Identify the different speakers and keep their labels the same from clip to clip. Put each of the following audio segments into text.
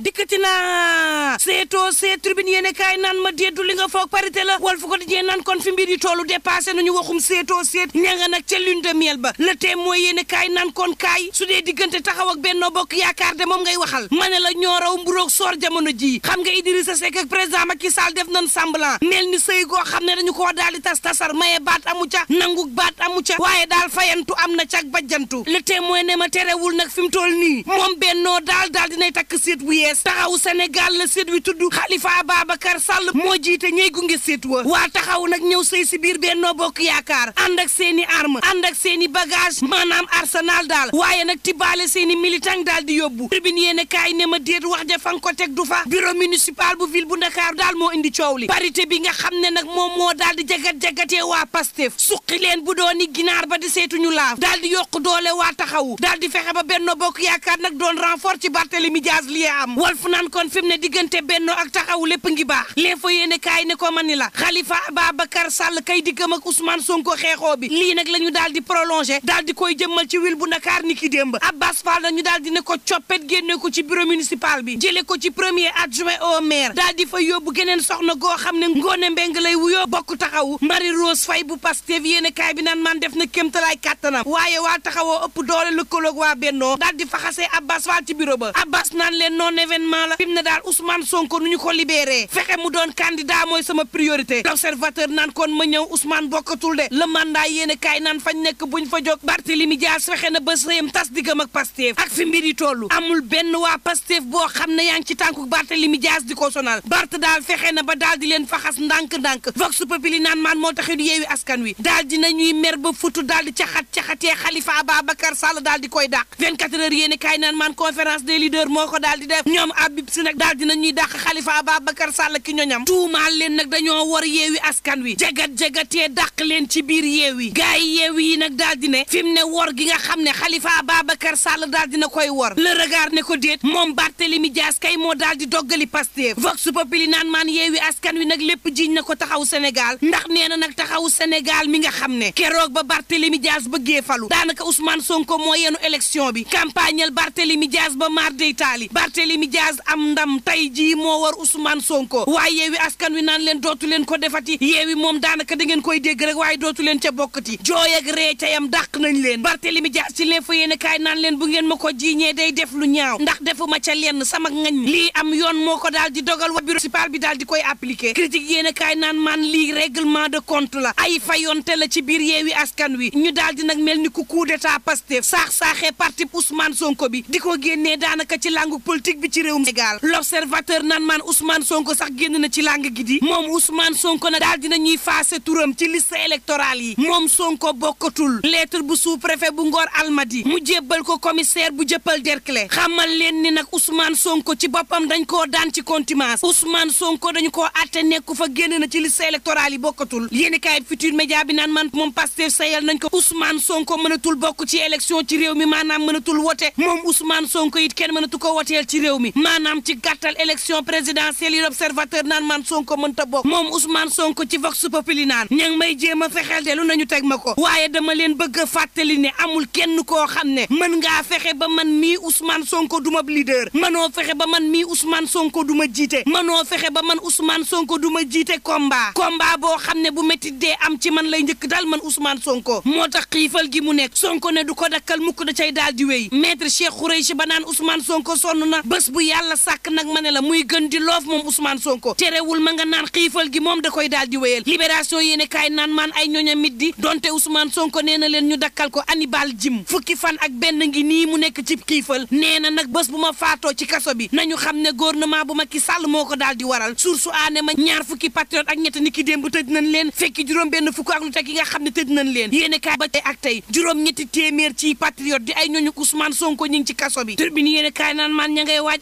Speaker 1: dikkati naa seetoo seet tribune yéen kaay naan ma déeddu li nga foog parité la wal fu ko dijee naan kon fi mbir yi tollu dépassé nañu waxum seetoo seet ña nga nag ba le témoin yéen kaay naan kon kaay su dee diggante taxaw ak Benno Bokk Yaakaar de moom ngay waxal ma ne la ñoo raw mburoog soor jamono ji xam nga Idrissa Seck ak président Macky Sall def nan semblant mel ni sëy xam ne dañu koo daal di tas tasar maye baat amu ca nangu baat amu ca waaye daal fayantu am na cak bajjantu le témoin ne ma terewul nag fi mu toll nii moom Benno daal daal dinay takk seet PDS taxaw Sénégal la seet wi tudd Khalifa Ababacar Sall moo jiite ñey gunge seet wa waa taxaw nag ñëw sëy si biir Benno Bokk Yaakaar ànd ak seeni arme ànd ak seeni bagage maanaam arsenal daal waaye nag tibaale seeni militant daal di yóbbu tribune yéen kaay ne ma déet wax ja ko teg du fa bureau municipal bu ville bu Ndakaaru daal moo indi coow li parité bi nga xam ne nag moom moo daal di jagat jagate waa Pastef suqi leen bu dooni ginaar ba di seetuñu laaf daal di yokk doole waa taxaw di fexe ba Benno Bokk Yaakaar Walf naan kon fi ne diggante Benno ak Taxawu lépp ngi baax l'info yéene kaay ne ko man ni la Khalifa Ababacar Sall kay diggam ak Ousmane Sonko xeexoo bi lii nag la ñu daal di prolongé daal di koy jëmmal ci wil bu Ndakaar ni ki démb Abbas Fall na ñu daal di ne ko coppet génne ko ci bureau municipal bi jële ko ci premier adjoint au maire daal di fa yóbbu geneen soxna goo xam ne Ngoone Mbeng lay wuyoo bokk Taxawu Marie Rose Faye bu Pastef yéene kaay bi naan man def na kéemtalaay kàttanam waaye waa Taxawoo ëpp doole lëkkaloog waa Benno daal di faxasee Abbas Fall événement la fi mu ne daal Ousmane Sonko nu ñu ko libéré fexe mu doon candidat mooy sama priorité l'observateur naan kon ma ñëw Ousmane bokkatul de le mandat yéen kaay naan fañ nekk buñ fa jóg Barthélémy Dias fexe na ba sëyam tas diggam ak Pastef ak fi mbir yi toll amul benn waa Pastef boo xam ne yaa ngi ci tànku Barthélémy Dias di ko sonal Bart daal fexe na ba daal di leen faxas ndànk-ndànk Vox Populi naan maan moo taxit yeewi askan wi daal di nañuy mer ba futu daal di caxat caxatee Khalifa daal di koy dàq 24 heures yéen kaay naan maan conférence des leaders daal di ñoom Habib Sy nag daal dina ñuy dàq Khalifa Ababacar Sall ki ñoñam tuumaal leen nag dañoo war yeewi askan wi jagat jagatee dàq leen ci biir yeewi gaay yi yeewi yi nag daal ne fi mu ne wor gi nga xam ne Khalifa Ababacar Sall daal dina koy wor le regard ne ko déet moom Barthélemy Dias kay moo daal di doggali Pastef Vox Populi naan maan yeewi askan wi nag lépp jiiñ na ko taxaw Sénégal ndax nee na nag taxaw Sénégal mi nga xam ne keroog ba Barthélemy Dias bëggee falu daanaka Ousmane Sonko moo yenu élection bi campagnal Barthélemy Dias ba mar day taali Barthélemy Diaz am ndam tey jii moo war Ousmane Sonko waaye yeewi askan wi naan leen dootu leen ko defati yeewi moom daanaka da ngeen koy dégg rek waaye dootu leen ca bokkati jooy ak ree ca yam dàq nañ leen li Barthélemy Diaz ci leen fa yéene kaay naan leen bu ngeen ma ko jiiñee day def lu ñaaw ndax defuma ca lenn sama ngañ lii am yoon moo ko daal di dogal wa bureau municipal bi daal di koy appliqué critique yéene kaay naan maan lii règlement de compte la ay fayonte la ci biir yeewi askan wi ñu daal nag mel ni ku coup d'état Pastef saax-saaxee parti Ousmane Sonko bi di ko génnee daanaka ci langu politique bi ci réewum Sénégal l'observateur nan maan Ousmane Sonko sax génn na ci làng gi di moom Ousmane Sonko na daal dina ñuy faase turam ci liste électorale yi moom Sonko bokkatul lettre bu sous-préfet bu Ngor Almadi mu jébbal ko commissaire bu jëppal Derklé xamal leen ni nag Ousmane Sonko ci boppam dañ koo daan ci contumace Ousmane Sonko dañu ko atte nekku fa génn na ci liste électorale yi bokkatul yéeni kaayit futur média bi naan man moom Pastef sayal nañ ko Ousmane Sonko mënatul bokk ci élection ci réew mi maanaam mënatul wote moom Ousmane Sonko it kenn mënatu ko ci réew mi maanaam ci gàttal élection présidentielle yi observateur naan man Sonko mënta bokk moom Ousmane Sonko ci vox populi naan ña may jéem a fexeel de lu nañu teg ma ko waaye dama leen bëgg fàttali ne amul kenn koo xam ne mën ngaa fexe ba man mii Ousmane Sonko duma ma leader fexe ba man mii Ousmane Sonko du ma jiite mënoo fexe ba man Ousmane Sonko du ma jiite combat combat boo xam ne bu métti dee am ci man lay njëkk daal man Ousmane Sonko moo tax xiifal gi mu nekk Sonko ne du ko dakkal mukk da cay daal di wéy maître Cheikh Khoureychi ba naan Ousmane Sonko sonn bu yàlla sàkk nag ma ne la muy gën di loof moom Ousmane Sonko terewul ma nga naan xiifal gi moom da koy daal di wéyal libération yéene kaay naan maan ay ñooña mit di donte Ousmane Sonko nee na leen ñu dakkal ko Hannibal Jim fukki fan ak benn ngi nii mu nekk ci xiifal nee na nag bés bu ma faatoo ci kaso bi nañu xam ne góor gouvernement bu ki sàll moo ko daal waral waral su aane ma ñaar fukki patriote ak ñett nikki ki démb tëj nañ leen fekki juróom benn fukk ak lu teg nga xam ne tëj nañ leen yéene kaay ba tey ak tey juróom ñetti téeméer ci patriote di ay ñooñu Ousmane Sonko ñi ngi ci kaso bi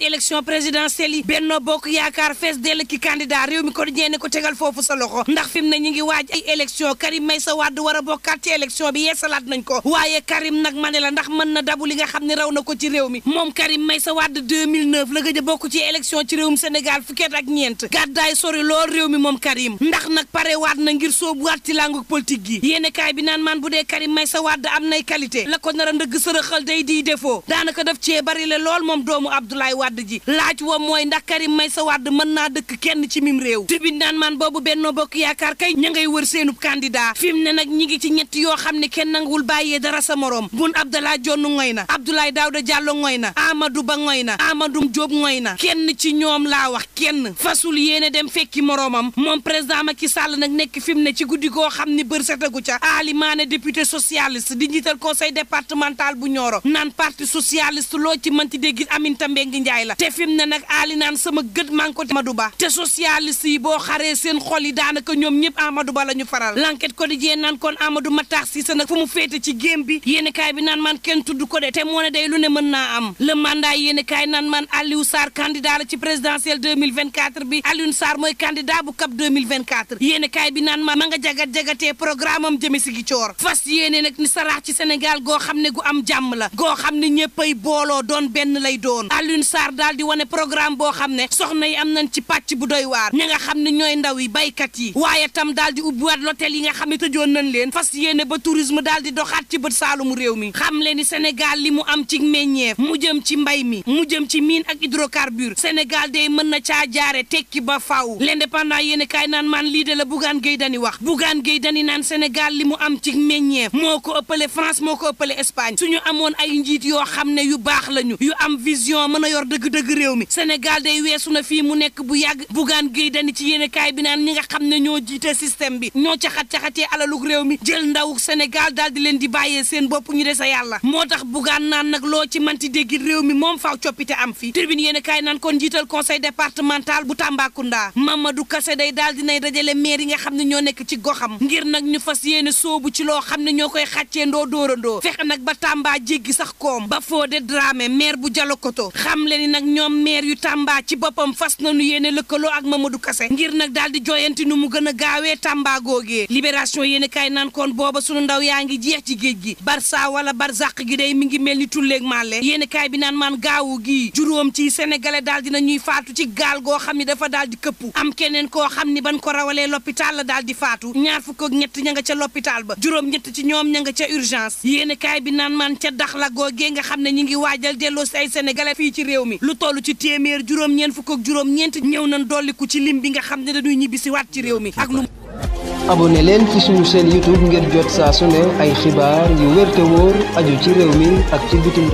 Speaker 1: waaj élection présidentielle yi Bokk Yaakaar fees dell ki candidat réew mi ko ñeene ko tegal foofu sa loxo ndax fi mu ne ñi ngi waaj ay élection Karim Meïssa Wade war wara bokkaat ci élection bi yeesalaat nañ ko waaye Karim nag ma ne la ndax mën na dabu li nga xam ne raw na ko ci réew mi moom Karim Meïssa Wade 2009 la gëj a bokk ci élection ci réewum Sénégal fukkeet ak ñeent gàddaay sori lool réew mi moom Karim ndax nag pare waat na ngir soobuwaat ci langu politique gi yéene kaay bi naan maan bu dee Karim Meïssa Wade am nay qualité la ko nar a ndëgg sërëxal day di défaut daanaka daf cee bari la lool moom doomu Abdoulaye Wade ji laaj wa mooy ndax Karim sa Wade mën naa dëkk kenn ci mim réew tribune naan man boobu Benno Bokk Yaakaar kay ña ngay wër seenub candidat fi mu ne nag ñi ngi ci ñett yoo xam ne kenn nanguwul bàyyee dara sa moroom Boun Abdallah Dionne ngoy na Abdoulaye Daouda Diallo ngoy na Amadou Ba ngoy na Amadou Diop ngoy na kenn ci ñoom laa wax kenn fasul yéene dem fekki moroomam moom président Macky Sall nag nekk fi mu ne ci guddi goo xam ni bër setagu ca Ali Mané député socialiste di njiital conseil départemental bu Nioro naan parti socialiste loo njaay la te fi mu ne nag aali sama gët man ko Amadou Ba te socialiste yi boo xaree seen xol yi daanaka ñoom ñëpp Amadou Ba la ñu faral l'enquête quotidien naan kon Amadou Matar Cissé nag fu mu féete ci géem bi yéeni kaay man kenn tudd ko de te moo ne day lu ne mën naa am le mandat yéeni kaay naan man Aliou Sarr candidat la ci présidentielle 2024 bi Aliou mooy candidat bu CAP 2024 yéeni kaay bi naan man nga jagat-jagatee programme jëme si gi fas yéene nag ni saraax ci Sénégal goo xam ne gu am jàmm la goo xam ne ñëppay booloo doon benn lay doon Dakar daal di wane programme boo xam ne soxna yi am nañ ci pàcc bu doy waar ña nga xam ne ñooy ndaw yi baykat yi waaye tam daal di ubbiwaat l'hôtel yi nga xam ne tëjoon nañ leen fas yéene ba tourisme daal di doxaat ci bët saalumu réew mi xam leen ni Sénégal li mu am ci meññeef mu jëm ci mbay mi mu jëm ci mine ak hydrocarbure Sénégal day mën na caa jaare tekki ba faaw l'indépendant yéene kaay naan man lii de la Bougane Gueye Dany wax Bougane Gueye Dany naan Sénégal li mu am ci meññeef moo ko ëppale France moo ko ëppale Espagne suñu amoon ay njiit yoo xam ne yu baax lañu yu am vision mën a yor dëgg-dëgg réew mi Sénégal day weesu na fii mu nekk bu yàgg bugaan géey dani ci yéene kaay bi naan ñi nga xam ne ñoo jiite système bi ñoo caxat-caxatee alalug réew mi jël ndawu Sénégal daal di leen di bàyyee seen bopp ñu desa yàlla moo tax bugaan naan nag loo ci manti déggit réew mi moom faaw coppite am fii tribune yéene kaay naan ko jiital conseil départemental bu Tambacounda du Kassé day daal nay dajale maire yi nga xam ne ñoo nekk ci goxam ngir nag ñu fas yéene soobu ci loo xam ne ñoo koy xàccee ndoo dóorandoo fexe nag ba Tamba jéggi sax koom ni nag ñoom maire yu Tamba ci boppam fas na nañu yéene lëkkaloo ak Mamadou kase ngir nag daal di joyanti nu mu gën gaawee Tamba googee libération yéene kaay naan kon booba sunu ndaw yaa ngi jeex ci géej gi barça wala barzaq gi day mi ngi mel ni tulleeg màlle yéene kaay bi naan maan gaawu gi juróom ci sénégalais daal dina ñuy faatu ci gaal goo xam ni dafa daal di këpp am keneen koo xam ni ban ko rawalee l'hôpital la daal di faatu ñaar fukk ak ñett ña nga ca l'hôpital ba juróom ñett ci ñoom ña nga ca urgence yéene kaay bi naan maan ca dax la googee nga xam ne ñu ngi waajal delloo si ay sénégalais fii ci réew mi lu toll ci téeméer juróom-ñeent fukk ak juróom-ñeent ñëw nañ dolliku ci lim bi nga xam ne dañuy ñibbisi waat ci réew mi ak lu abonné leen ci suñu seen youtube ngir jot saa su ne ay xibaar yu wér te wóor aju ci réew mi ak ci bitim